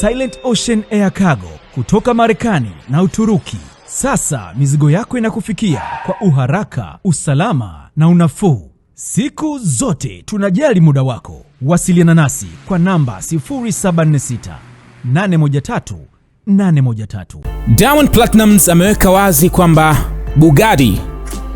Silent Ocean Air Cargo kutoka Marekani na Uturuki. Sasa mizigo yako inakufikia kwa uharaka, usalama na unafuu. Siku zote tunajali muda wako. Wasiliana nasi kwa namba 076 813 813. Diamond Platnumz ameweka wazi kwamba Bugatti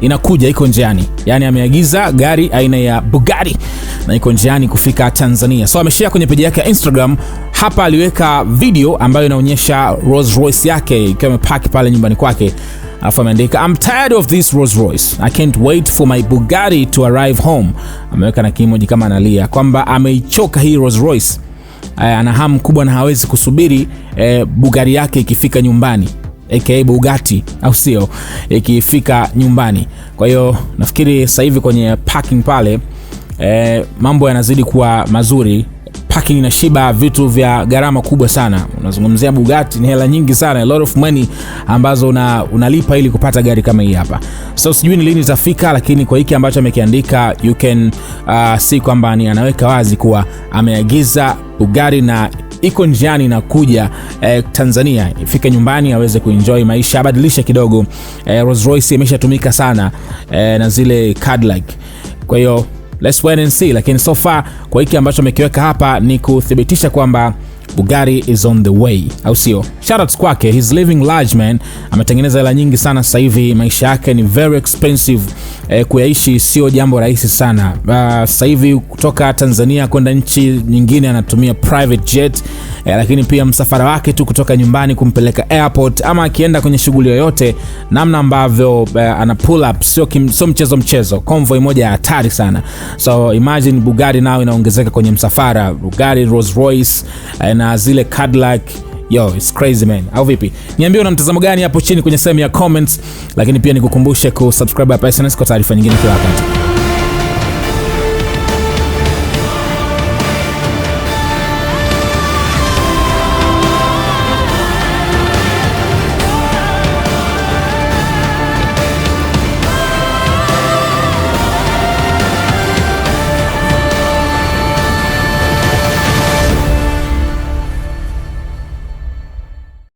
inakuja, iko njiani. Yaani ameagiza gari aina ya Bugatti na iko njiani kufika Tanzania. So ameshare kwenye page yake ya Instagram. Hapa aliweka video ambayo inaonyesha Rolls Royce yake ikiwa imepaki pale nyumbani kwake, alafu ameandika I'm tired of this Rolls Royce. I can't wait for my Bugatti to arrive home. Ameweka na kimoji kama analia kwamba ameichoka hii Rolls Royce. Eh, Ana hamu kubwa na hawezi kusubiri eh, Bugatti yake ikifika nyumbani aka Bugatti au sio, ikifika nyumbani. Kwa hiyo nafikiri sasa hivi kwenye parking pale eh, mambo yanazidi kuwa mazuri parking na shiba vitu vya gharama kubwa sana. Unazungumzia Bugatti ni hela nyingi sana, a lot of money ambazo una, unalipa ili kupata gari kama hii hapa. So sijui ni lini itafika, lakini kwa hiki ambacho amekiandika you can uh, see kwamba ni anaweka wazi kuwa ameagiza Bugatti na iko njiani na kuja eh, Tanzania ifike nyumbani aweze kuenjoy maisha, abadilishe kidogo eh, Rolls Royce imeshatumika sana eh, na zile Cadillac kwa hiyo Let's wait and see, lakini so far kwa hiki ambacho amekiweka hapa ni kuthibitisha kwamba bugari is on the way, au sio? out kwake, he's living large man, ametengeneza hela nyingi sana sasa hivi, maisha yake ni very expensive eh, kuyaishi sio jambo rahisi sana. Ah, sasa hivi kutoka Tanzania kwenda nchi nyingine anatumia private jet eh, lakini pia msafara wake tu kutoka nyumbani kumpeleka airport ama akienda kwenye shughuli yoyote, namna ambavyo e, ana pull up sio sio mchezo mchezo, convoy moja ya hatari sana. So imagine Bugatti nao inaongezeka kwenye msafara, Bugatti, Rolls Royce eh, na zile Cadillac Yo, it's crazy man. Au vipi? Niambie una mtazamo gani hapo chini kwenye sehemu ya comments, lakini pia nikukumbushe kusubscribe hapa SnS kwa taarifa nyingine kila wakati.